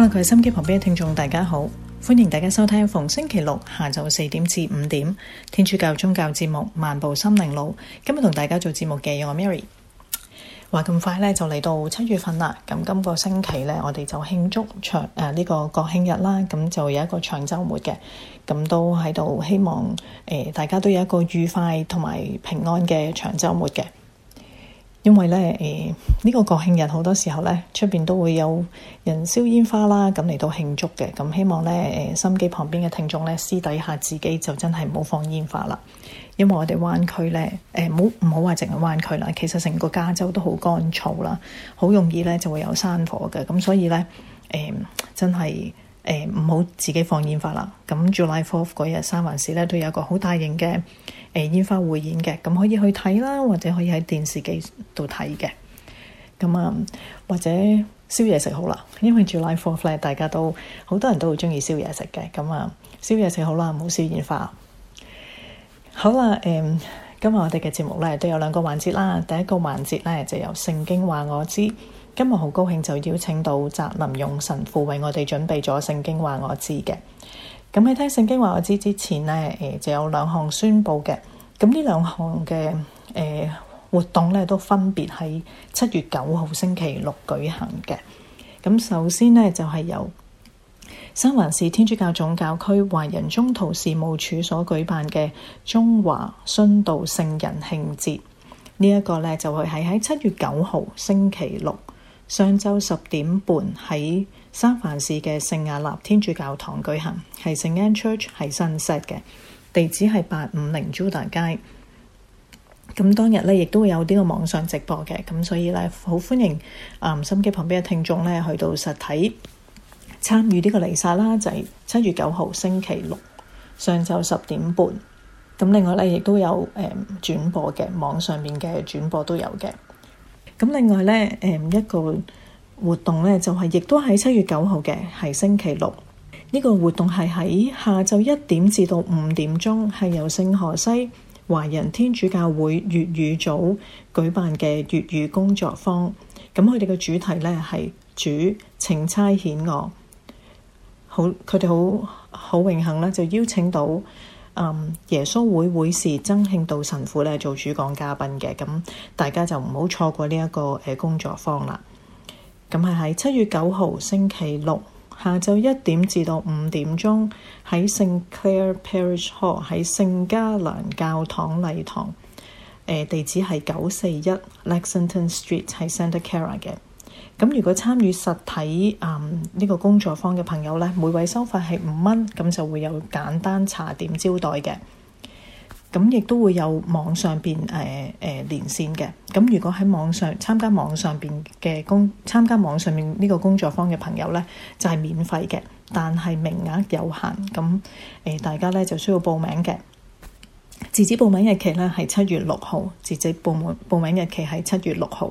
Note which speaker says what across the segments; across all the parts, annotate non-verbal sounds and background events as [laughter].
Speaker 1: Hello，各位心機旁邊嘅聽眾，大家好，歡迎大家收聽逢星期六下晝四點至五點天主教宗教節目《漫步心靈路》。今日同大家做節目嘅有我，我 Mary。話咁快咧就嚟到七月份啦，咁今個星期咧我哋就慶祝長誒呢個國慶日啦，咁就有一個長周末嘅，咁都喺度希望誒、呃、大家都有一個愉快同埋平安嘅長周末嘅。因為咧，誒、呃，呢個國慶日好多時候呢，出邊都會有人燒煙花啦，咁嚟到慶祝嘅。咁希望呢，誒、呃，收機旁邊嘅聽眾呢，私底下自己就真係唔好放煙花啦。因為我哋灣區呢，誒、呃，唔好唔好話淨係灣區啦，其實成個加州都好乾燥啦，好容易呢就會有山火嘅。咁所以呢，誒、呃，真係。誒唔好自己放煙花啦！咁 July Fourth 嗰日三藩市咧都有個好大型嘅誒煙花匯演嘅，咁可以去睇啦，或者可以喺電視機度睇嘅。咁啊，或者燒嘢食好啦，因為 July Fourth 咧，大家都好多人都好中意燒嘢食嘅。咁啊，燒嘢食好啦，唔好燒煙花。好啦，誒、嗯，今日我哋嘅節目咧都有兩個環節啦。第一個環節咧就由聖經話我知。今日好高興就邀請到澤林用神父為我哋準備咗《聖經話我知》嘅。咁喺聽《聖經話我知》之前呢，誒、呃，就有兩項宣佈嘅。咁呢兩項嘅誒活動咧，都分別喺七月九號星期六舉行嘅。咁首先呢，就係、是、由三藩市天主教總教區華人中土事務處所舉辦嘅中華殉道聖人慶節。這個、呢一個咧，就會係喺七月九號星期六，上晝十點半喺三藩市嘅聖亞納天主教堂舉行，係聖安 church 係 Sunset 嘅，地址係八五零 Judah 街。咁當日咧亦都有呢個網上直播嘅，咁所以咧好歡迎啊、嗯、心機旁邊嘅聽眾咧去到實體參與呢個彌撒啦，就係、是、七月九號星期六上晝十點半。咁另外咧亦都有誒、嗯、轉播嘅網上邊嘅轉播都有嘅。咁另外咧，誒一個活動咧，就係、是、亦都喺七月九號嘅，係星期六。呢、這個活動係喺下晝一點至到五點鐘，係由聖荷西華人天主教會粵語組舉辦嘅粵語工作坊。咁佢哋嘅主題咧係主請差遣我，好佢哋好好榮幸咧，就邀請到。Um, 耶穌會會士曾慶道神父呢做主講嘉賓嘅，咁大家就唔好錯過呢一個工作坊啦。咁係喺七月九號星期六下晝一點至到五點鐘，喺 Saint Clare Parish Hall，喺聖家良教堂禮堂。呃、地址係九四一 Lexington Street 係 Santa Clara 嘅。咁如果參與實體嗯呢個工作坊嘅朋友呢，每位收費係五蚊，咁就會有簡單茶點招待嘅。咁亦都會有網上面誒誒連線嘅。咁如果喺網上參加網上面嘅工，參加網上面呢個工作坊嘅朋友呢，就係免費嘅，但係名額有限，咁誒大家呢就需要報名嘅。截止報名日期呢係七月六號，截止報滿報名日期係七月六號。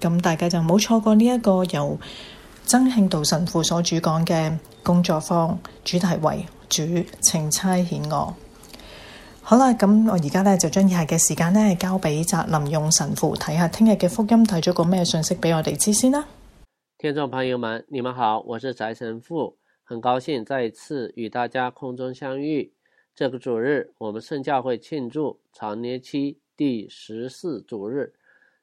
Speaker 1: 咁大家就唔好錯過呢一個由曾慶道神父所主講嘅工作坊，主題為主請差遣我」好。好啦，咁我而家咧就將以下嘅時間咧交俾翟林用神父睇下聽日嘅福音帶咗個咩信息俾我哋知先啦。
Speaker 2: 聽眾朋友們，你們好，我是翟神父，很高興再一次與大家空中相遇。這個主日，我們聖教會慶祝常年期第十四主日。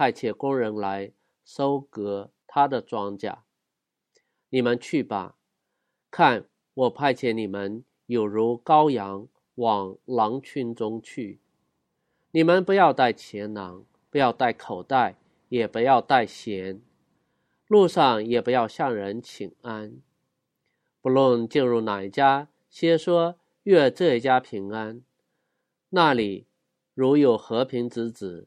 Speaker 2: 派遣工人來收割他的莊稼，你們去吧。看我派遣你們，有如羔羊往狼群中去。你們不要帶錢囊，不要帶口袋，也不要帶鞋，路上也不要向人請安。不論進入哪一家，先說願這一家平安。那裏如有和平之子。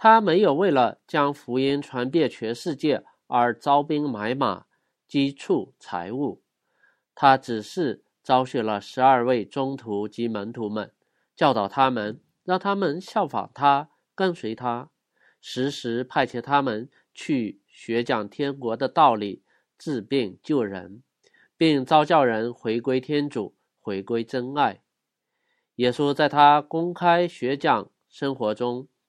Speaker 2: 他沒有為了將福音傳遍全世界而招兵買馬、積儲財物，他只是召選了十二位宗徒及門徒們，教導他們，讓他們效仿他、跟隨他，時時派遣他們去學講天國的道理、治病救人，並召叫人回歸天主、回歸真愛。耶穌在他公開學講生活中。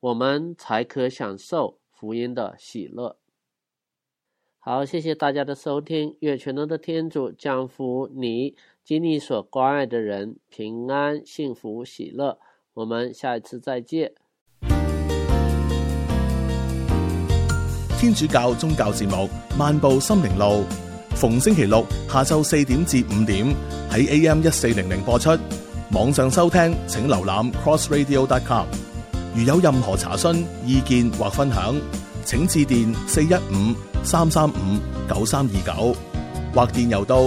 Speaker 2: 我們才可享受福音的喜樂。好，謝謝大家的收聽。願全能的天主降福你及你所關愛的人，平安、幸福、喜樂。我們下一次再見。
Speaker 3: 天主教宗教節目《漫步心靈路》，逢星期六下晝四點至五點喺 AM 一四零零播出。網上收聽，請瀏覽 crossradio.com。如有任何查詢、意見或分享，請致電四一五三三五九三二九，29，或電郵到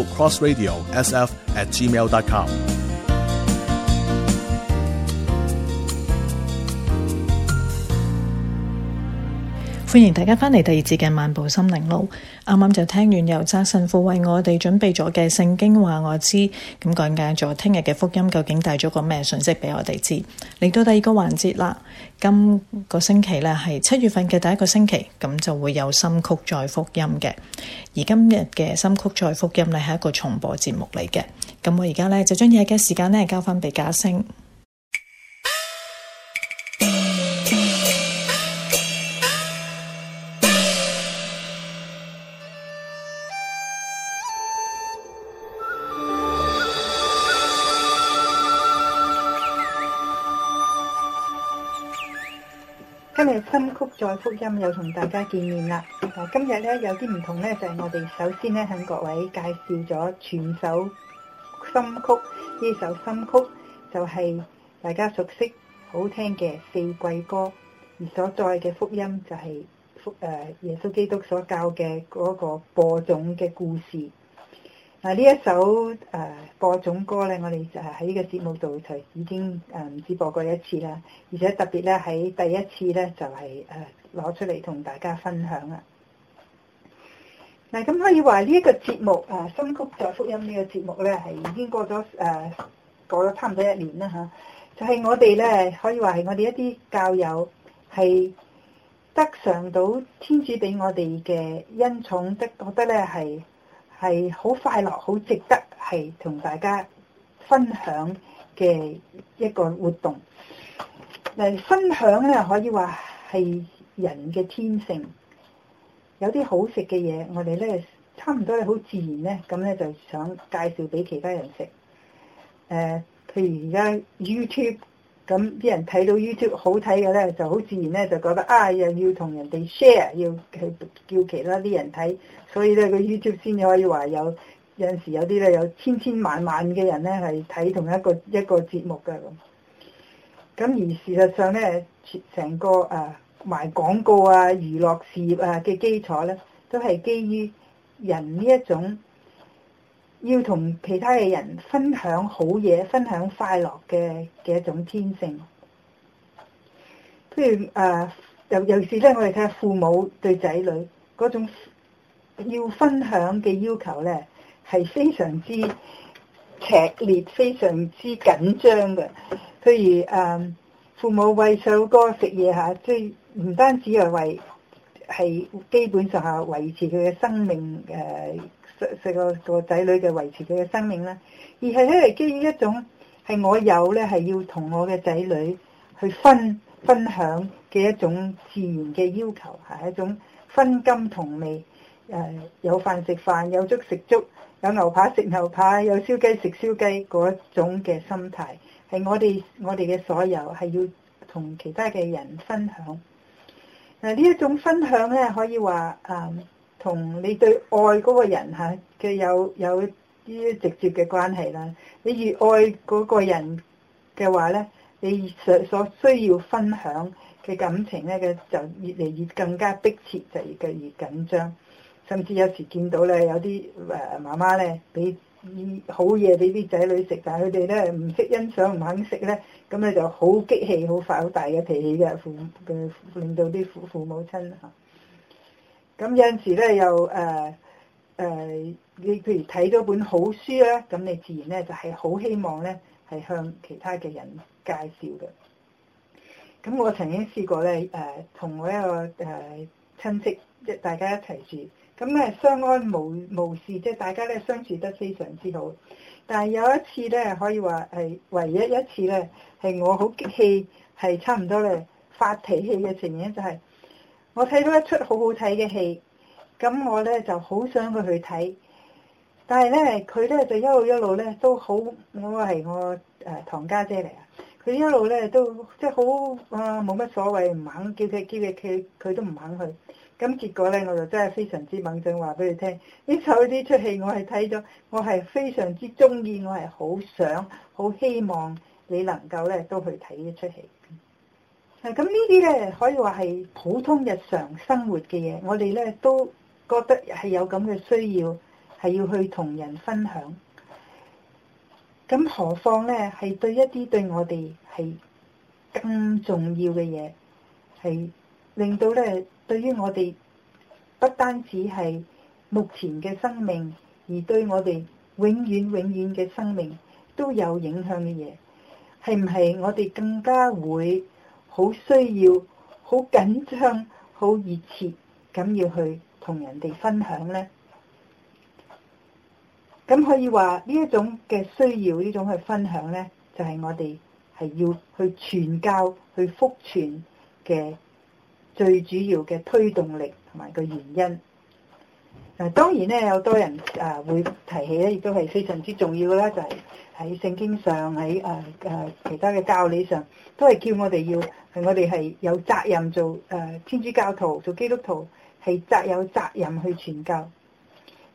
Speaker 3: crossradio_sf@gmail.com。
Speaker 1: 歡迎大家返嚟第二節嘅漫步心靈路，啱啱就聽完由澤神父為我哋準備咗嘅聖經話我知，咁講解咗聽日嘅福音究竟帶咗個咩信息畀我哋知。嚟到第二個環節啦，今個星期咧，係七月份嘅第一個星期，咁就會有心曲再福音嘅。而今日嘅心曲再福音咧，係一個重播節目嚟嘅，咁我而家咧就將日嘅時間咧交翻俾嘉星。
Speaker 4: 心曲再福音又同大家見面啦。今日咧有啲唔同咧，就係我哋首先咧向各位介紹咗全首心曲。呢首心曲就係大家熟悉、好聽嘅《四季歌》，而所在嘅福音就係復誒耶穌基督所教嘅嗰個播種嘅故事。嗱呢一首誒播種歌咧，我哋就係喺呢個節目度就已經誒唔止播過一次啦，而且特別咧喺第一次咧就係誒攞出嚟同大家分享啦！嗱，咁可以話呢一個節目誒《新曲再福音》呢、呢個節目咧，係已經過咗誒過咗差唔多一年啦嚇，就係、係、我哋咧可以話係我哋一啲教友係得上到天主俾我哋嘅恩寵，即覺得咧係。係好快樂、好值得係同大家分享嘅一個活動。嚟分享咧，可以話係人嘅天性。有啲好食嘅嘢，我哋咧差唔多咧好自然咧，咁咧就想介紹俾其他人食。誒、呃，譬如而家 YouTube。咁啲人睇到 YouTube 好睇嘅咧，就好自然咧就覺得啊又要同人哋 share，要去叫其他啲人睇，所以咧個 YouTube 先至可以話有有陣時有啲咧有千千萬萬嘅人咧係睇同一個一個節目嘅咁。咁而事實上咧，成個誒賣啊廣告啊、娛樂事業啊嘅基礎咧，都係基於人呢一種。要同其他嘅人分享好嘢，分享快樂嘅嘅一種天性。譬如誒，尤、呃、尤其是咧，我哋睇下父母對仔女嗰種要分享嘅要求咧，係非常之劇烈、非常之緊張嘅。譬如誒、呃，父母餵細佬哥食嘢嚇，即係唔單止係為係基本上係維持佢嘅生命誒。呃食食個個仔女嘅維持佢嘅生命啦，而係咧係基於一種係我有咧係要同我嘅仔女去分分享嘅一種自然嘅要求，係一種分金同味，誒有飯食飯，有粥食粥，有牛扒食牛扒，有燒雞食燒雞嗰種嘅心態，係我哋我哋嘅所有係要同其他嘅人分享。嗱呢一種分享咧，可以話誒。同你對愛嗰個人吓嘅有有啲直接嘅關係啦。你越愛嗰個人嘅話咧，你所所需要分享嘅感情咧，佢就越嚟越更加迫切，就越嚟越緊張。甚至有時見到咧，有啲誒媽媽咧俾好嘢俾啲仔女食，但係佢哋咧唔識欣賞唔肯食咧，咁咧就好激氣，好發好大嘅脾氣嘅父誒，令到啲父父母親啊～咁有陣時咧，又誒誒，你譬如睇咗本好書咧，咁你自然咧就係、是、好希望咧，係向其他嘅人介紹嘅。咁我曾經試過咧，誒、呃、同我一個誒親戚即係大家一齊住，咁咧相安無無事，即、就、係、是、大家咧相處得非常之好。但係有一次咧，可以話係唯一一次咧，係我好激氣，係差唔多咧發脾氣嘅情形，就係、是。我睇到一出好好睇嘅戲，咁我咧就好想佢去睇，但係咧佢咧就一路一路咧都好，我係我誒堂家姐嚟啊，佢一路咧都即係好啊，冇乜所謂，唔肯叫佢叫佢佢佢都唔肯去。咁結果咧我就真係非常之猛咁話俾佢聽，呢首呢出戲我係睇咗，我係非常之中意，我係好想好希望你能夠咧都去睇呢出戲。誒咁呢啲咧，可以話係普通日常生活嘅嘢，我哋咧都覺得係有咁嘅需要，係要去同人分享。咁何況咧，係對一啲對我哋係更重要嘅嘢，係令到咧對於我哋不單止係目前嘅生命，而對我哋永遠永遠嘅生命都有影響嘅嘢，係唔係我哋更加會？好需要，好緊張，好熱切，咁要去同人哋分享咧。咁可以話呢一種嘅需要，呢種去分享咧，就係、是、我哋係要去傳教、去復傳嘅最主要嘅推動力同埋個原因。嗱，當然咧，有多人啊會提起咧，亦都係非常之重要嘅啦。就係喺聖經上，喺誒誒其他嘅教理上，都係叫我哋要係我哋係有責任做誒天主教徒，做基督徒係責有責任去傳教。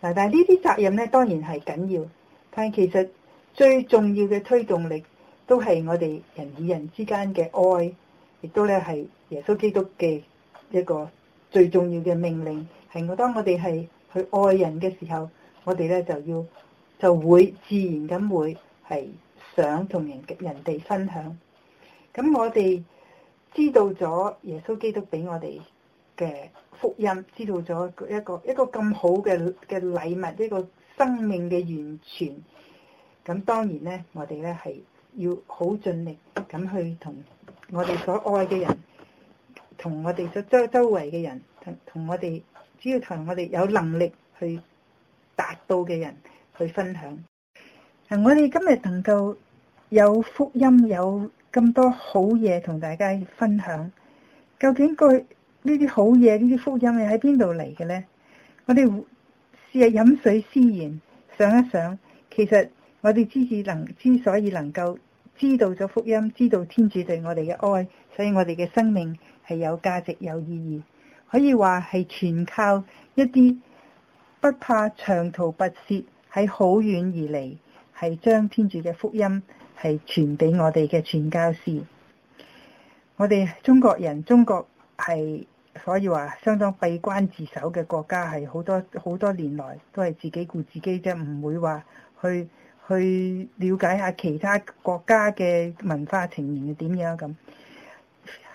Speaker 4: 嗱，但係呢啲責任咧，當然係緊要，但係其實最重要嘅推動力都係我哋人與人之間嘅愛，亦都咧係耶穌基督嘅一個最重要嘅命令。係我當我哋係，去愛人嘅時候，我哋咧就要就會自然咁會係想同人人哋分享。咁我哋知道咗耶穌基督俾我哋嘅福音，知道咗一個一個咁好嘅嘅禮物，一個生命嘅源泉，咁當然咧，我哋咧係要好盡力咁去同我哋所愛嘅人，同我哋所周周圍嘅人，同同我哋。只要同我哋有能力去達到嘅人去分享，啊！我哋今日能夠有福音有咁多好嘢同大家分享，究竟佢呢啲好嘢呢啲福音係喺邊度嚟嘅咧？我哋試下飲水思源，想一想，其實我哋自己能之所以能夠知道咗福音，知道天主對我哋嘅愛，所以我哋嘅生命係有價值有意義。可以話係全靠一啲不怕長途跋涉喺好遠而嚟，係將天主嘅福音係傳俾我哋嘅傳教士。我哋中國人，中國係所以話相當閉關自守嘅國家，係好多好多年來都係自己顧自己啫，唔會話去去了解下其他國家嘅文化情形點樣咁。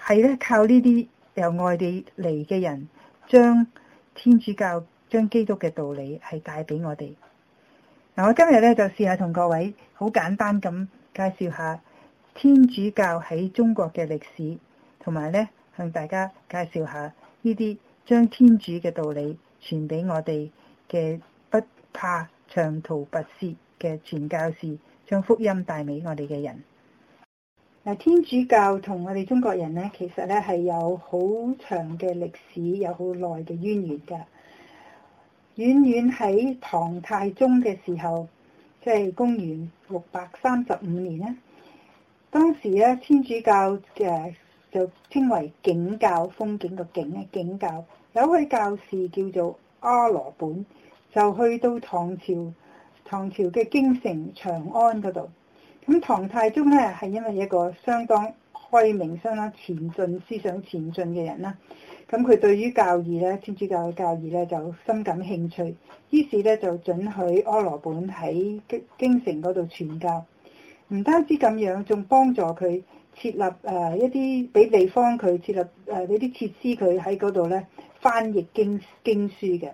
Speaker 4: 係咧，靠呢啲。由外地嚟嘅人將天主教、將基督嘅道理係帶俾我哋。嗱，我今日咧就試下同各位好簡單咁介紹下天主教喺中國嘅歷史，同埋咧向大家介紹下呢啲將天主嘅道理傳俾我哋嘅不怕長途跋涉嘅傳教士，將福音帶俾我哋嘅人。天主教同我哋中國人咧，其實咧係有好長嘅歷史，有好耐嘅淵源噶，遠遠喺唐太宗嘅時候，即係公元六百三十五年咧，當時咧天主教嘅、呃、就稱為景教，風景個景嘅景教，有一位教士叫做阿羅本，就去到唐朝，唐朝嘅京城長安嗰度。咁唐太宗咧係因為一個相當開明，相當、前進，思想前進嘅人啦，咁佢對於教義咧，天主教嘅教義咧就深感興趣，於是咧就准許阿羅本喺京京城嗰度傳教，唔單止咁樣，仲幫助佢設立誒一啲俾地方佢設立誒嗰啲設施，佢喺嗰度咧翻譯經經書嘅。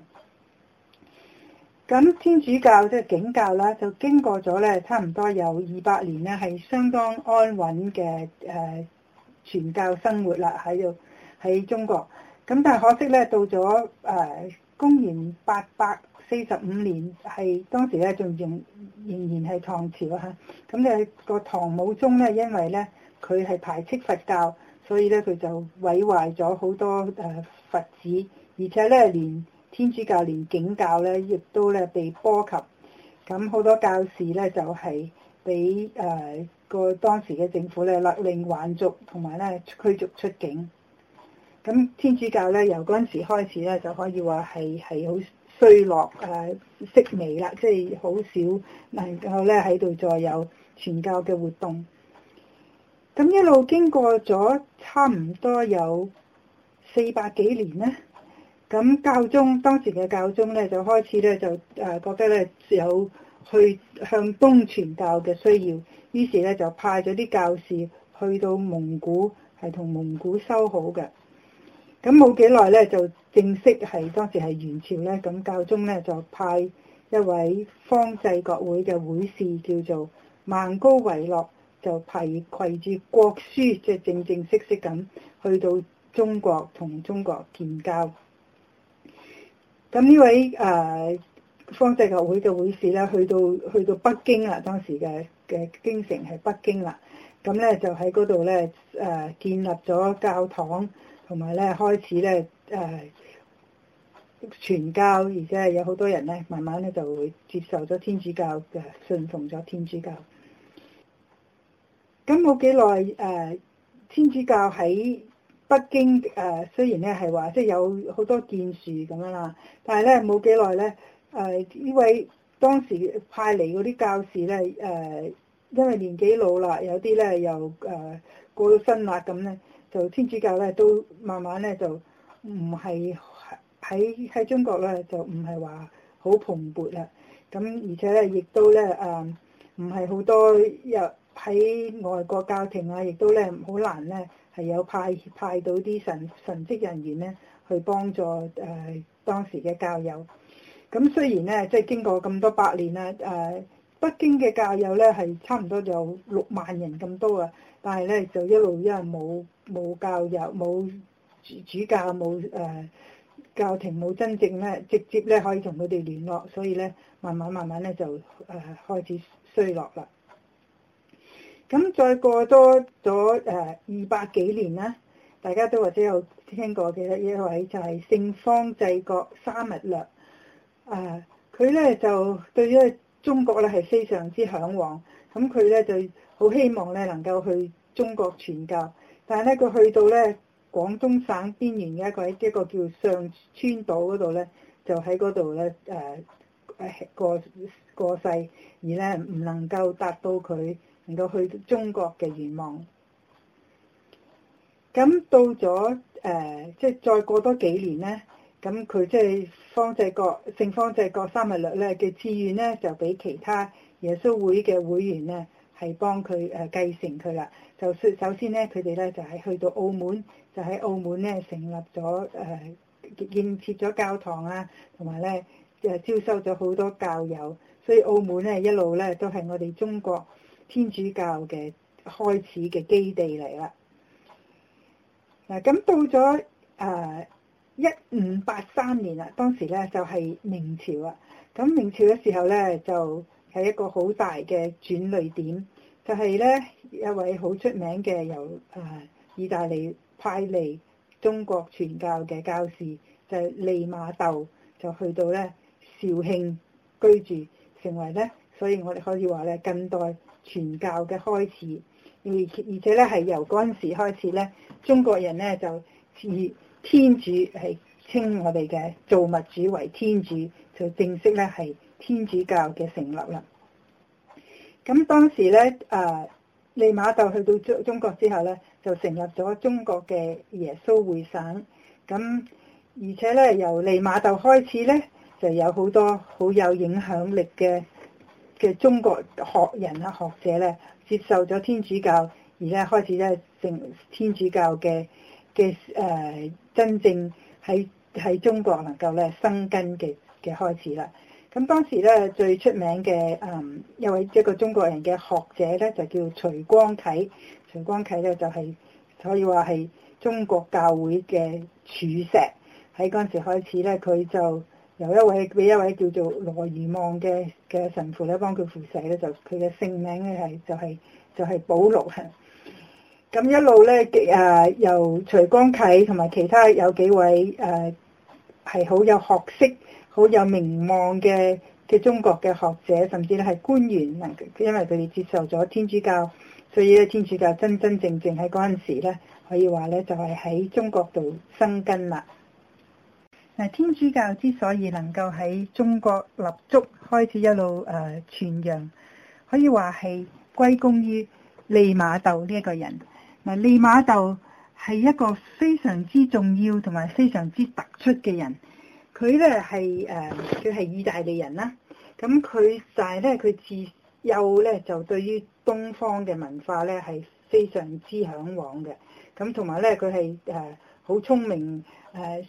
Speaker 4: 咁天主教即係、就是、景教啦，就經過咗咧差唔多有二百年咧，係相當安穩嘅誒、呃、傳教生活啦喺度喺中國。咁但係可惜咧，到咗誒、呃、公元八百四十五年，係當時咧仲仍仍然係唐朝嚇。咁、啊、誒、那個唐武宗咧，因為咧佢係排斥佛教，所以咧佢就毀壞咗好多誒、呃、佛寺，而且咧連。天主教連警教咧，亦都咧被波及，咁好多教士咧就係俾誒個當時嘅政府咧勒令還俗，同埋咧驅逐出境。咁天主教咧由嗰陣時開始咧就可以話係係好衰落誒式、啊、微啦，即係好少能夠咧喺度再有傳教嘅活動。咁一路經過咗差唔多有四百幾年咧。咁教宗當時嘅教宗咧，就開始咧就誒覺得咧有去向東傳教嘅需要，於是咧就派咗啲教士去到蒙古，係同蒙古修好嘅。咁冇幾耐咧，就正式係當時係元朝咧，咁教宗咧就派一位方濟各會嘅會士叫做孟高維諾，就派攜住國書，即、就、係、是、正正式式咁去到中國同中國建交。咁呢位誒、呃、方濟教會嘅會士咧，去到去到北京啦，當時嘅嘅京城係北京啦。咁咧就喺嗰度咧誒建立咗教堂，同埋咧開始咧誒傳教，而且係有好多人咧，慢慢咧就會接受咗天主教嘅，信奉咗天主教。咁冇幾耐誒，天主教喺。北京誒、呃、雖然咧係話即係有好多建樹咁樣啦，但係咧冇幾耐咧誒，呢位、呃、當時派嚟嗰啲教士咧誒、呃，因為年紀老啦，有啲咧又誒過咗身喇咁咧，就天主教咧都慢慢咧就唔係喺喺中國咧就唔係話好蓬勃啦，咁而且咧亦都咧誒唔係好多入喺、呃、外國教廷啊，亦都咧好難咧。係有派派到啲神神職人員咧，去幫助誒、呃、當時嘅教友。咁雖然咧，即、就、係、是、經過咁多百年啦，誒、呃、北京嘅教友咧係差唔多有六萬人咁多啊，但係咧就一路因為冇冇教友冇主主教冇誒、呃、教廷冇真正咧，直接咧可以同佢哋聯絡，所以咧慢慢慢慢咧就誒、呃、開始衰落啦。咁再過多咗誒二百幾年啦，大家都或者有聽過嘅呢一位就係聖方濟各沙勿略。誒、uh，佢咧就對於中國咧係非常之嚮往，咁佢咧就好希望咧能夠去中國傳教，但係咧佢去到咧廣東省邊緣嘅一個一個叫上川島嗰度咧，就喺嗰度咧誒誒過過世，而咧唔能夠達到佢能夠去中國嘅願望，咁到咗誒，即、呃、係、就是、再過多幾年咧，咁佢即係方濟各聖方濟各三日略咧嘅志願咧，就俾其他耶穌會嘅會員咧係幫佢誒繼承佢啦。就説首先咧，佢哋咧就係、是、去到澳門，就喺澳門咧成立咗誒、呃，建設咗教堂啊，同埋咧誒招收咗好多教友，所以澳門咧一路咧都係我哋中國天主教嘅開始嘅基地嚟啦。嗱，咁到咗誒一五八三年啦，當時咧就係、是、明朝啦。咁明朝嘅時候咧，就係一個好大嘅轉捩點，就係、是、咧一位好出名嘅由誒、uh，意大利派嚟中國傳教嘅教士，就是、利瑪竇就去到咧肇慶居住，成為咧，所以我哋可以話咧近代。傳教嘅開始，而而且咧係由嗰陣時開始咧，中國人咧就以天主係稱我哋嘅造物主為天主，就正式咧係天主教嘅成立啦。咁當時咧，阿利瑪竇去到中中國之後咧，就成立咗中國嘅耶穌會省。咁而且咧，由利瑪竇開始咧，就有好多好有影響力嘅嘅中國學人啦，學者咧，接受咗天主教，而咧開始咧，正天主教嘅嘅誒，真正喺喺中國能夠咧生根嘅嘅開始啦。咁當時咧最出名嘅誒、嗯、一位一個中國人嘅學者咧，就叫徐光啟。徐光啟咧就係、是、可以話係中國教會嘅柱石，喺嗰陣時開始咧，佢就。有一位俾一位叫做羅如望嘅嘅神父咧，幫佢付洗咧，就佢嘅姓名咧係就係、是、就係保祿啊。咁一路咧，嘅、呃、由徐光啟同埋其他有幾位誒係好有學識、好有名望嘅嘅中國嘅學者，甚至咧係官員，因為佢哋接受咗天主教，所以咧天主教真真正正喺嗰陣時咧，可以話咧就係、是、喺中國度生根啦。嗱，天主教之所以能夠喺中國立足，開始一路誒傳揚，可以話係歸功於利馬竇呢一個人。嗱，利馬竇係一個非常之重要同埋非常之突出嘅人。佢咧係誒，佢係、呃、意大利人啦。咁佢就係咧，佢自幼咧就對於東方嘅文化咧係非常之嚮往嘅。咁同埋咧，佢係誒好聰明誒。呃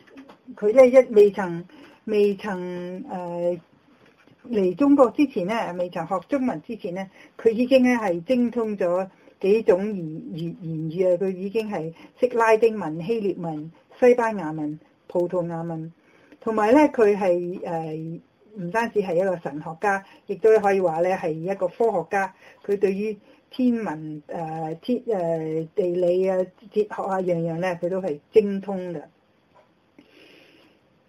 Speaker 4: 佢咧一未曾未曾誒嚟、呃、中國之前咧，未曾學中文之前咧，佢已經咧係精通咗幾種言言言語啊！佢已經係識拉丁文、希臘文、西班牙文、葡萄牙文，同埋咧佢係誒唔單止係一個神學家，亦都可以話咧係一個科學家。佢對於天文誒天誒地理啊、哲學啊樣樣咧，佢都係精通嘅。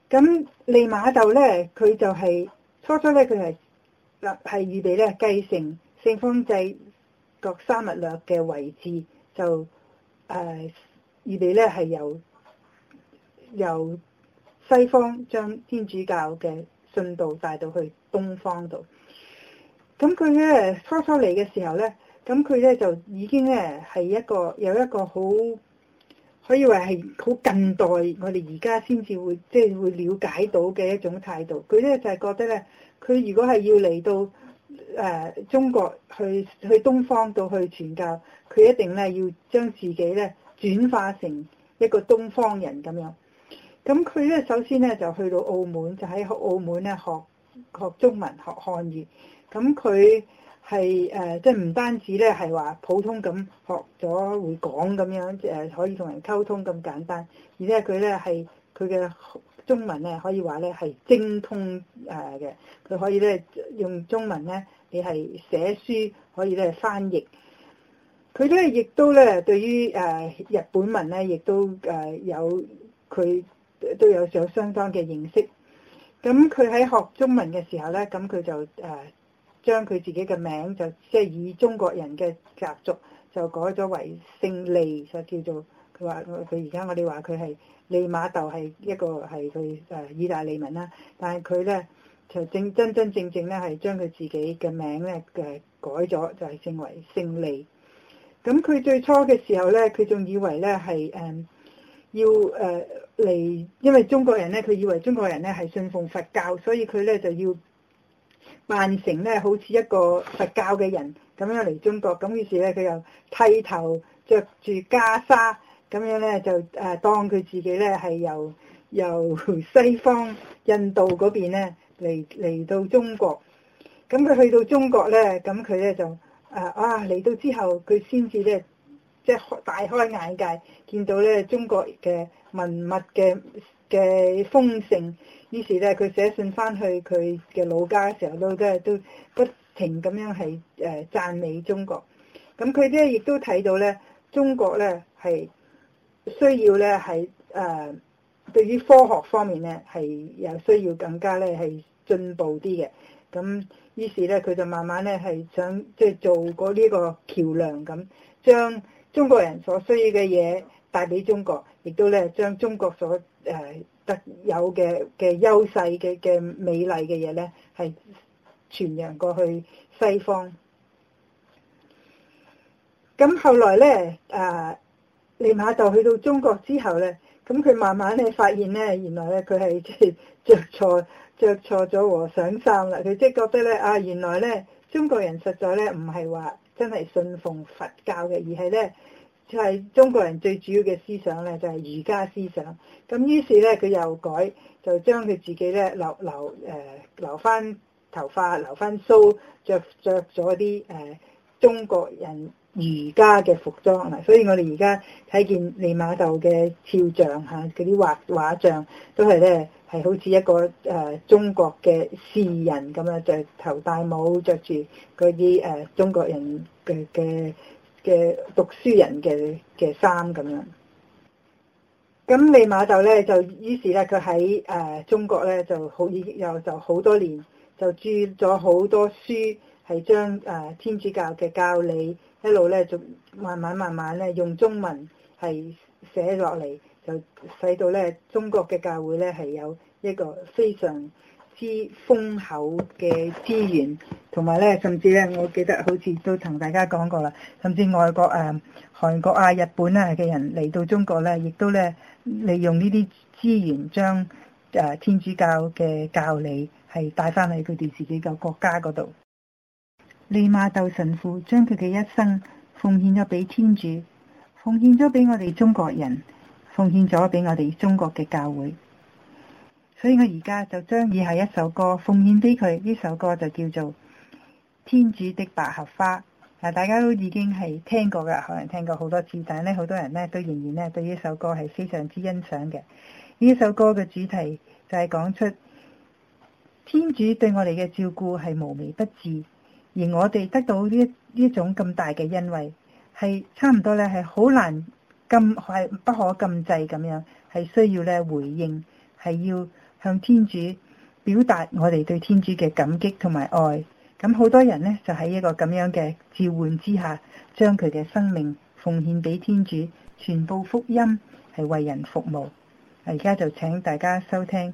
Speaker 4: 咁利瑪竇咧，佢就係、是、初初咧，佢係立係預備咧，繼承聖方濟各沙勿略嘅位置，就誒、呃、預備咧係由由西方將天主教嘅信道帶到去東方度。咁佢咧初初嚟嘅時候咧，咁佢咧就已經咧係一個有一個好。佢以為係好近代，我哋而家先至會即係、就是、會了解到嘅一種態度。佢咧就係、是、覺得咧，佢如果係要嚟到誒、呃、中國去去東方度去傳教，佢一定咧要將自己咧轉化成一個東方人咁樣。咁佢咧首先咧就去到澳門，就喺澳門咧學學中文、學漢語。咁佢。係誒，即係唔單止咧，係話普通咁學咗會講咁樣誒、呃，可以同人溝通咁簡單。而且佢咧係佢嘅中文咧，可以話咧係精通誒嘅。佢、呃、可以咧用中文咧，你係寫書可以咧翻譯。佢咧亦都咧對於誒、呃、日本文咧，亦都誒有佢都有都有，有相當嘅認識。咁佢喺學中文嘅時候咧，咁佢就誒。呃將佢自己嘅名就即、是、係以中國人嘅習俗，就改咗為姓利，就叫做佢話佢而家我哋話佢係利瑪竇，係一個係佢誒意大利文啦，但係佢咧就正真真正正咧係將佢自己嘅名咧嘅改咗，就係、是、稱為姓利。咁佢最初嘅時候咧，佢仲以為咧係誒要誒、呃、利，因為中國人咧，佢以為中國人咧係信奉佛教，所以佢咧就要。曼城咧好似一個佛教嘅人咁樣嚟中國，咁於是咧佢就剃頭，着住袈裟咁樣咧就誒當佢自己咧係由由西方印度嗰邊咧嚟嚟到中國，咁佢去到中國咧，咁佢咧就誒啊嚟到之後佢先至咧即係大開眼界，見到咧中國嘅文物嘅嘅豐盛。於是咧，佢寫信翻去佢嘅老家嘅時候，都即係都不停咁樣係誒讚美中國。咁佢咧亦都睇到咧，中國咧係需要咧係誒對於科學方面咧係又需要更加咧係進步啲嘅。咁於是咧，佢就慢慢咧係想即係做過呢個橋梁咁，將中國人所需要嘅嘢帶俾中國，亦都咧將中國所誒。特有嘅嘅優勢嘅嘅美麗嘅嘢咧，係傳揚過去西方。咁後來咧，啊，利瑪竇去到中國之後咧，咁佢慢慢咧發現咧，原來咧佢係即係著錯著錯咗和尚衫啦。佢即係覺得咧，啊，原來咧中國人實在咧唔係話真係信奉佛教嘅，而係咧。就係中國人最主要嘅思想咧，就係儒家思想。咁於是咧，佢又改，就將佢自己咧留留誒、呃、留翻頭髮，留翻鬚，着着咗啲誒中國人儒家嘅服裝啊。所以我哋而家睇見利瑪竇嘅肖像嚇，啲、啊、畫畫像都係咧係好似一個誒、呃、中國嘅士人咁樣，着頭戴帽，着住嗰啲誒中國人嘅嘅。嘅讀書人嘅嘅衫咁樣，咁利馬竇咧就於是咧佢喺誒中國咧就好，又就好多年就注咗好多書，係將誒、呃、天主教嘅教理一路咧，就慢慢慢慢咧用中文係寫落嚟，就使到咧中國嘅教會咧係有一個非常。之豐厚嘅資源，同埋咧，甚至咧，我記得好似都同大家講過啦。甚至外國誒、啊、韓國啊、日本啊嘅人嚟到中國咧，亦都咧利用呢啲資源將誒天主教嘅教理係帶翻喺佢哋自己嘅國家嗰度。利瑪竇神父將佢嘅一生奉獻咗俾天主，奉獻咗俾我哋中國人，奉獻咗俾我哋中國嘅教會。所以我而家就將以下一首歌奉獻俾佢，呢首歌就叫做《天主的百合花》。嗱，大家都已經係聽過噶，可能聽過好多次，但係咧，好多人咧都仍然咧對呢首歌係非常之欣賞嘅。呢首歌嘅主題就係講出天主對我哋嘅照顧係無微不至，而我哋得到呢呢種咁大嘅恩惠，係差唔多咧係好難禁係不可禁制咁樣，係需要咧回應，係要。向天主表達我哋對天主嘅感激同埋愛，咁好多人呢就喺一個咁樣嘅召喚之下，將佢嘅生命奉獻俾天主，全部福音係為人服務。而家就請大家收聽。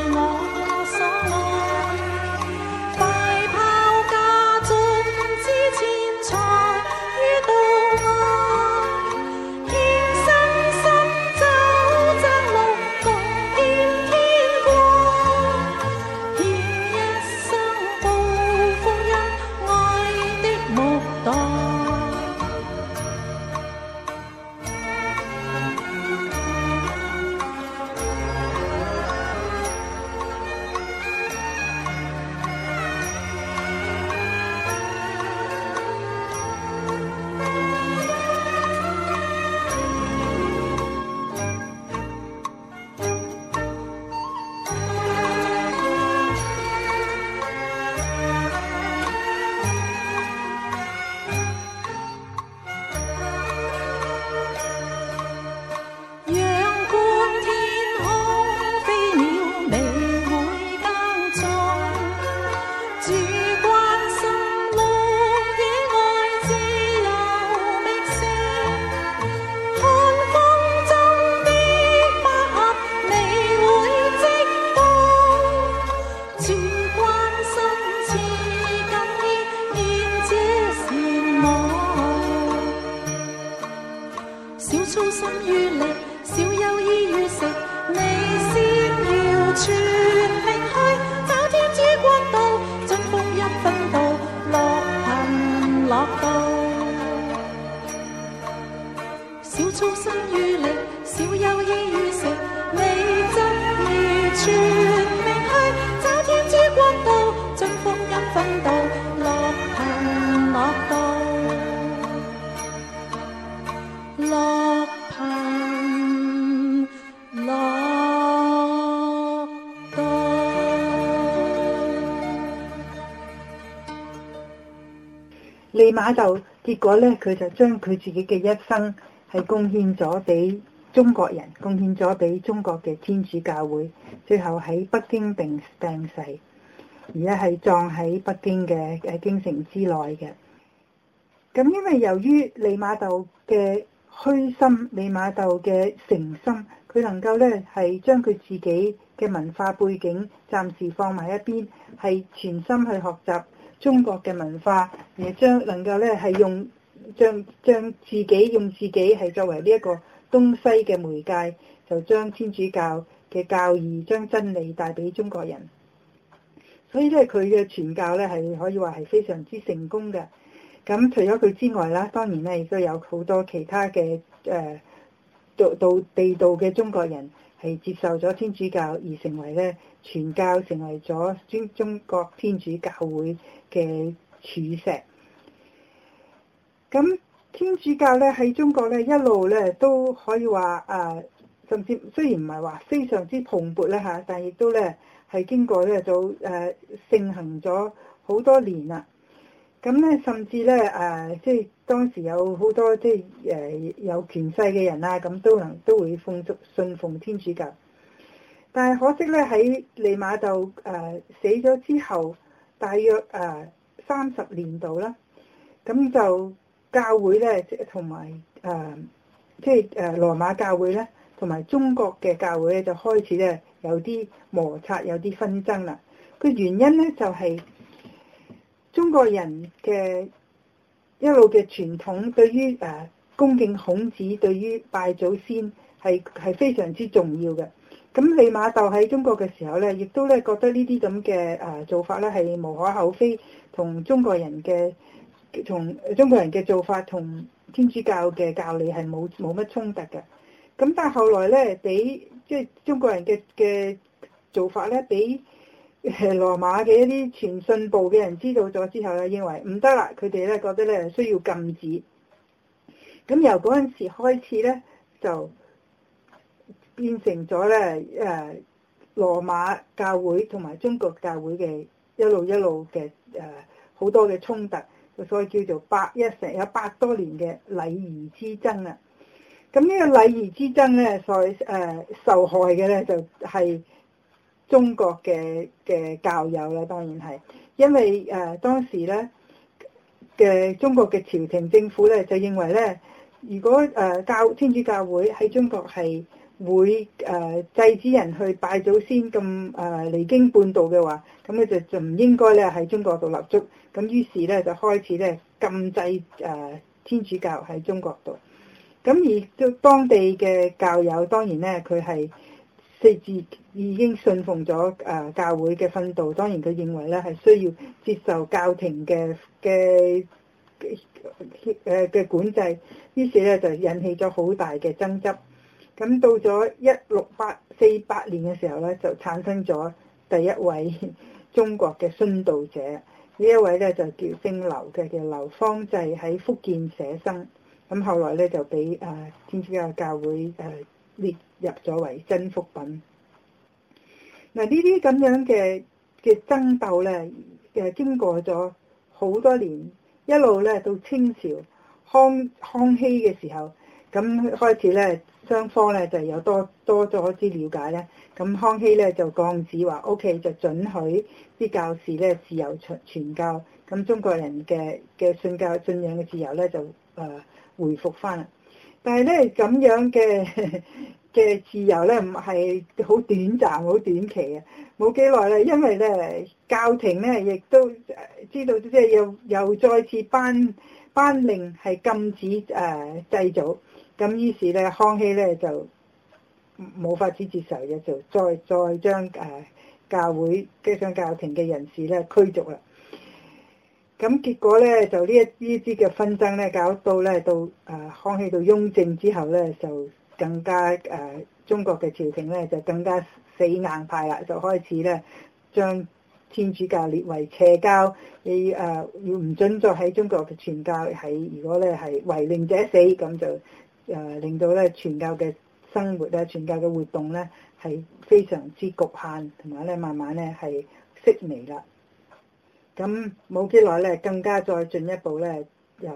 Speaker 4: 利瑪竇結果咧，佢就將佢自己嘅一生係貢獻咗俾中國人，貢獻咗俾中國嘅天主教會，最後喺北京病病逝，而家係葬喺北京嘅誒京城之內嘅。咁因為由於利瑪竇嘅虛心，利瑪竇嘅誠心，佢能夠咧係將佢自己嘅文化背景暫時放埋一邊，係全心去學習。中國嘅文化，而將能夠咧係用將將自己用自己係作為呢一個東西嘅媒介，就將天主教嘅教義將真理帶俾中國人。所以咧，佢嘅傳教咧係可以話係非常之成功嘅。咁除咗佢之外啦，當然咧亦都有好多其他嘅誒道道地道嘅中國人係接受咗天主教而成為咧傳教，成為咗中中國天主教會嘅柱石，咁天主教咧喺中國咧一路咧都可以話誒，甚至雖然唔係話非常之蓬勃啦吓，但亦都咧係經過咧就誒盛行咗好多年啦。咁咧甚至咧誒，即係當時有好多即係誒有權勢嘅人啊，咁都能都會奉信奉天主教。但係可惜咧喺利瑪竇誒死咗之後。大約誒三十年度啦，咁就教會咧、呃，即同埋誒，即係誒羅馬教會咧，同埋中國嘅教會咧，就開始咧有啲摩擦，有啲紛爭啦。個原因咧就係、是、中國人嘅一路嘅傳統，對於誒恭敬孔子，對於拜祖先係係非常之重要嘅。咁利瑪竇喺中國嘅時候咧，亦都咧覺得呢啲咁嘅誒做法咧係無可厚非，同中國人嘅同中國人嘅做法同天主教嘅教理係冇冇乜衝突嘅。咁但係後來咧，俾即係中國人嘅嘅做法咧，俾羅馬嘅一啲傳信部嘅人知道咗之後咧，認為唔得啦，佢哋咧覺得咧需要禁止。咁由嗰陣時開始咧，就，變成咗咧誒羅馬教會同埋中國教會嘅一路一路嘅誒好多嘅衝突，所以叫做百一成個百多年嘅禮儀之爭啦。咁呢個禮儀之爭咧，所誒、呃、受害嘅咧就係、是、中國嘅嘅教友啦，當然係，因為誒、呃、當時咧嘅中國嘅朝廷政府咧就認為咧，如果誒教天主教會喺中國係會誒、呃、制止人去拜祖先咁誒、呃、離經叛道嘅話，咁佢就就唔應該咧喺中國度立足。咁於是咧就開始咧禁制誒、呃、天主教喺中國度。咁而當地嘅教友當然咧佢係四字已經信奉咗誒、呃、教會嘅訓導，當然佢認為咧係需要接受教廷嘅嘅誒嘅管制。於是咧就引起咗好大嘅爭執。咁到咗一六八四八年嘅時候咧，就產生咗第一位中國嘅殉道者。呢一位咧就叫姓劉嘅，叫劉芳濟，喺福建寫生。咁後來咧就俾誒天主教教會誒、呃、列入咗為真福品。嗱，呢啲咁樣嘅嘅爭鬥咧，誒經過咗好多年，一路咧到清朝康康熙嘅時候，咁開始咧。雙方咧就有多多咗啲了解咧，咁康熙咧就降旨話：O.K. 就准許啲教士咧自由傳傳教，咁中國人嘅嘅信教信仰嘅自由咧就誒、呃、回復翻啦。但係咧咁樣嘅嘅 [laughs] 自由咧唔係好短暫、好短期啊，冇幾耐啦，因為咧教廷咧亦都知道即係要又再次頒頒令係禁止誒祭、呃、祖。咁於是咧，康熙咧就冇法子接受嘅，就再再將誒、呃、教會、即係將教廷嘅人士咧驅逐啦。咁結果咧，就呢一啲啲嘅紛爭咧，搞到咧到誒、呃、康熙到雍正之後咧，就更加誒、呃、中國嘅朝廷咧就更加死硬派啦，就開始咧將天主教列為邪、呃、教，要誒要唔準再喺中國嘅傳教，喺如果咧係違令者死咁就。誒令到咧，傳教嘅生活啊，傳教嘅活動咧，係非常之局限，同埋咧，慢慢咧係式微啦。咁冇幾耐咧，更加再進一步咧，又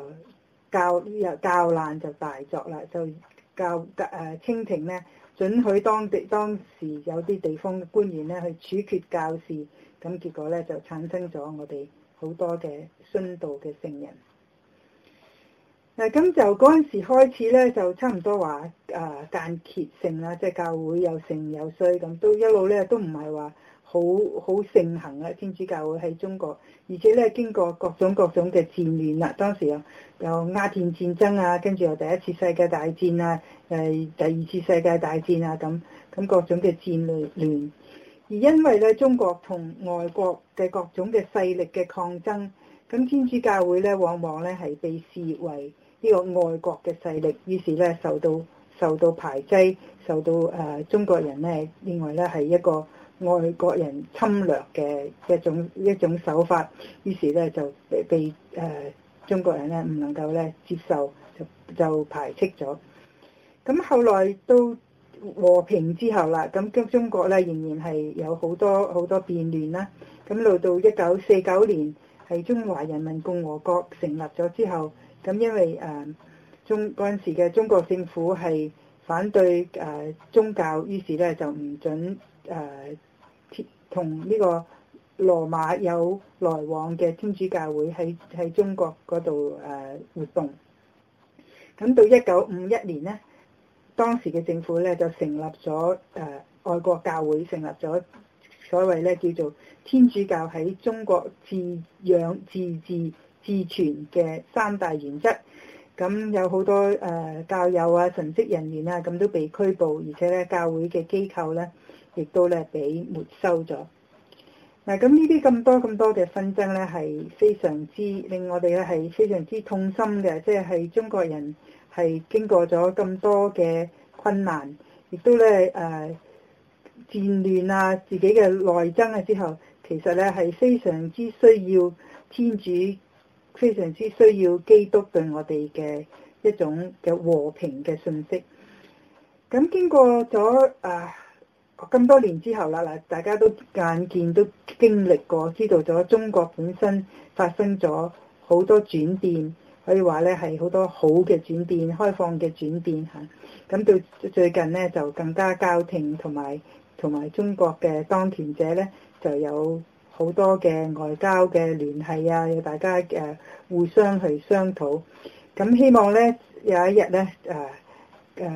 Speaker 4: 教又教難就大作啦，就教誒、啊、清廷咧，准許當地當時有啲地方嘅官員咧去處決教士，咁結果咧就產生咗我哋好多嘅殉道嘅聖人。嗱咁就嗰陣時開始咧，就差唔多話啊、呃、間歇性啦，即係教會有盛有衰，咁都一路咧都唔係話好好盛行啊，天主教會喺中國，而且咧經過各種各種嘅戰亂啦，當時又又亞戰戰爭啊，跟住又第一次世界大戰啊，誒第二次世界大戰啊，咁咁各種嘅戰亂，嗯，而因為咧中國同外國嘅各種嘅勢力嘅抗爭，咁天主教會咧往往咧係被視為呢個外國嘅勢力，於是咧受到受到排擠，受到誒、呃、中國人咧，認為咧係一個外國人侵略嘅一種一種手法，於是咧就被誒、呃、中國人咧唔能夠咧接受，就就排斥咗。咁後來到和平之後啦，咁中中國咧仍然係有好多好多變亂啦。咁到到一九四九年係中華人民共和國成立咗之後。咁因為誒、uh, 中嗰陣時嘅中國政府係反對誒、uh, 宗教，於是咧就唔準誒同呢個羅馬有來往嘅天主教會喺喺中國嗰度誒活動。咁到一九五一年咧，當時嘅政府咧就成立咗誒愛國教會，成立咗所謂咧叫做天主教喺中國自養自治自存嘅三大原則，咁有好多誒、呃、教友啊、神職人員啊，咁都被拘捕，而且咧教會嘅機構咧，亦都咧俾沒收咗。嗱，咁呢啲咁多咁多嘅紛爭咧，係非常之令我哋咧係非常之痛心嘅，即係係中國人係經過咗咁多嘅困難，亦都咧誒、呃、戰亂啊、自己嘅內爭啊之後，其實咧係非常之需要天主。非常之需要基督對我哋嘅一種嘅和平嘅信息。咁經過咗啊咁多年之後啦，嗱，大家都眼見都經歷過，知道咗中國本身發生咗好多轉變，可以話咧係好多好嘅轉變，開放嘅轉變吓，咁到最近咧就更加交聽同埋同埋中國嘅當權者咧就有。好多嘅外交嘅聯繫啊，要大家誒互相去商討。咁希望咧有一日咧誒誒，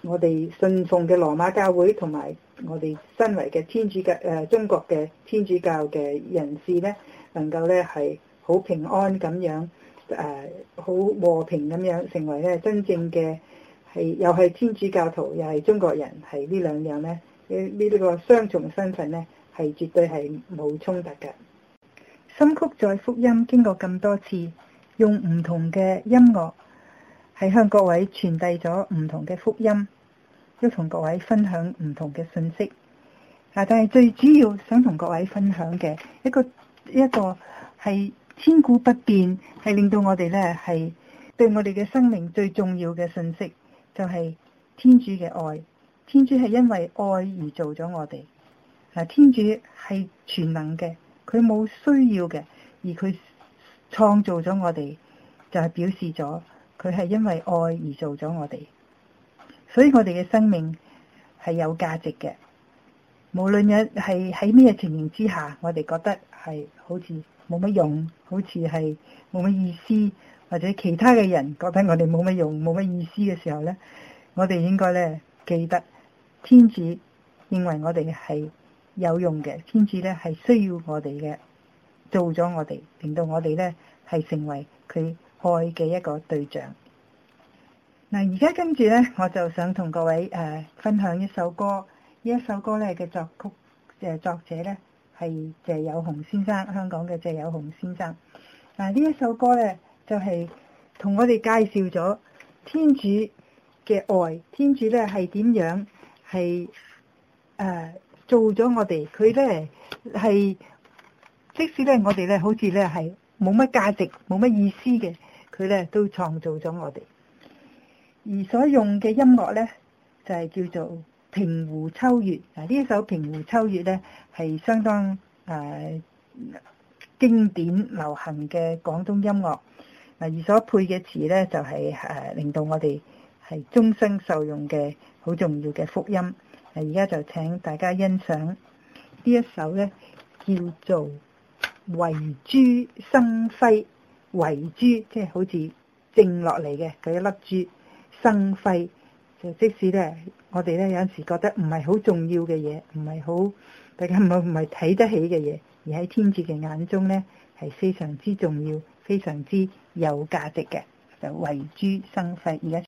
Speaker 4: 我哋信奉嘅羅馬教會同埋我哋身為嘅天主教誒、啊、中國嘅天主教嘅人士咧，能夠咧係好平安咁樣誒，好、啊、和平咁樣成為咧真正嘅係又係天主教徒又係中國人，係呢兩樣咧呢呢呢、呢個雙重身份咧。係絕對係冇衝突嘅。心曲在福音經過咁多次，用唔同嘅音樂，係向各位傳遞咗唔同嘅福音，都同各位分享唔同嘅信息。啊！但係最主要想同各位分享嘅一個一個係千古不變，係令到我哋咧係對我哋嘅生命最重要嘅信息，就係、是、天主嘅愛。天主係因為愛而做咗我哋。嗱，天主係全能嘅，佢冇需要嘅，而佢創造咗我哋，就係表示咗佢係因為愛而做咗我哋，所以我哋嘅生命係有價值嘅。無論有係喺咩情形之下，我哋覺得係好似冇乜用，好似係冇乜意思，或者其他嘅人覺得我哋冇乜用、冇乜意思嘅時候咧，我哋應該咧記得天主認為我哋係有用嘅，天主咧係需要我哋嘅，做咗我哋，令到我哋咧係成為佢愛嘅一個對象。嗱，而家跟住咧，我就想同各位誒、呃、分享一首歌，呢一首歌咧嘅作曲誒作者咧係謝有鴻先生，香港嘅謝有鴻先生。嗱、呃，呢一首歌咧就係、是、同我哋介紹咗天主嘅愛，天主咧係點樣係誒。呃做咗我哋，佢咧係即使咧我哋咧好似咧係冇乜價值、冇乜意思嘅，佢咧都創造咗我哋。而所用嘅音樂咧，就係、是、叫做《平湖秋月》啊！呢一首《平湖秋月》咧係相當誒、啊、經典流行嘅廣東音樂，嗱，而所配嘅詞咧就係、是、誒、啊、令到我哋係終生受用嘅好重要嘅福音。而家就請大家欣賞呢一首咧，叫做《遺珠生輝》。遺珠即係、就是、好似蒸落嚟嘅嗰一粒珠生輝，就即使咧，我哋咧有陣時覺得唔係好重要嘅嘢，唔係好大家冇唔係睇得起嘅嘢，而喺天主嘅眼中咧，係非常之重要、非常之有價值嘅。就遺、是、珠生輝，而家。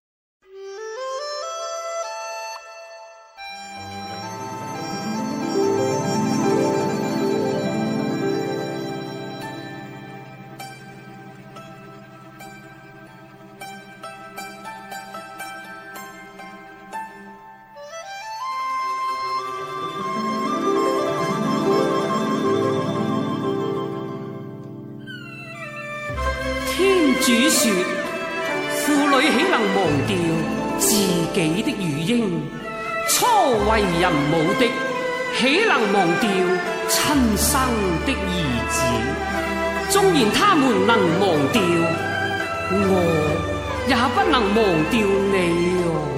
Speaker 5: 人母的，豈能忘掉親生的兒子？縱然他們能忘掉，我也不能忘掉你哦。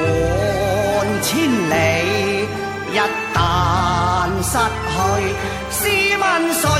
Speaker 5: 看千里，一旦失去，試問誰？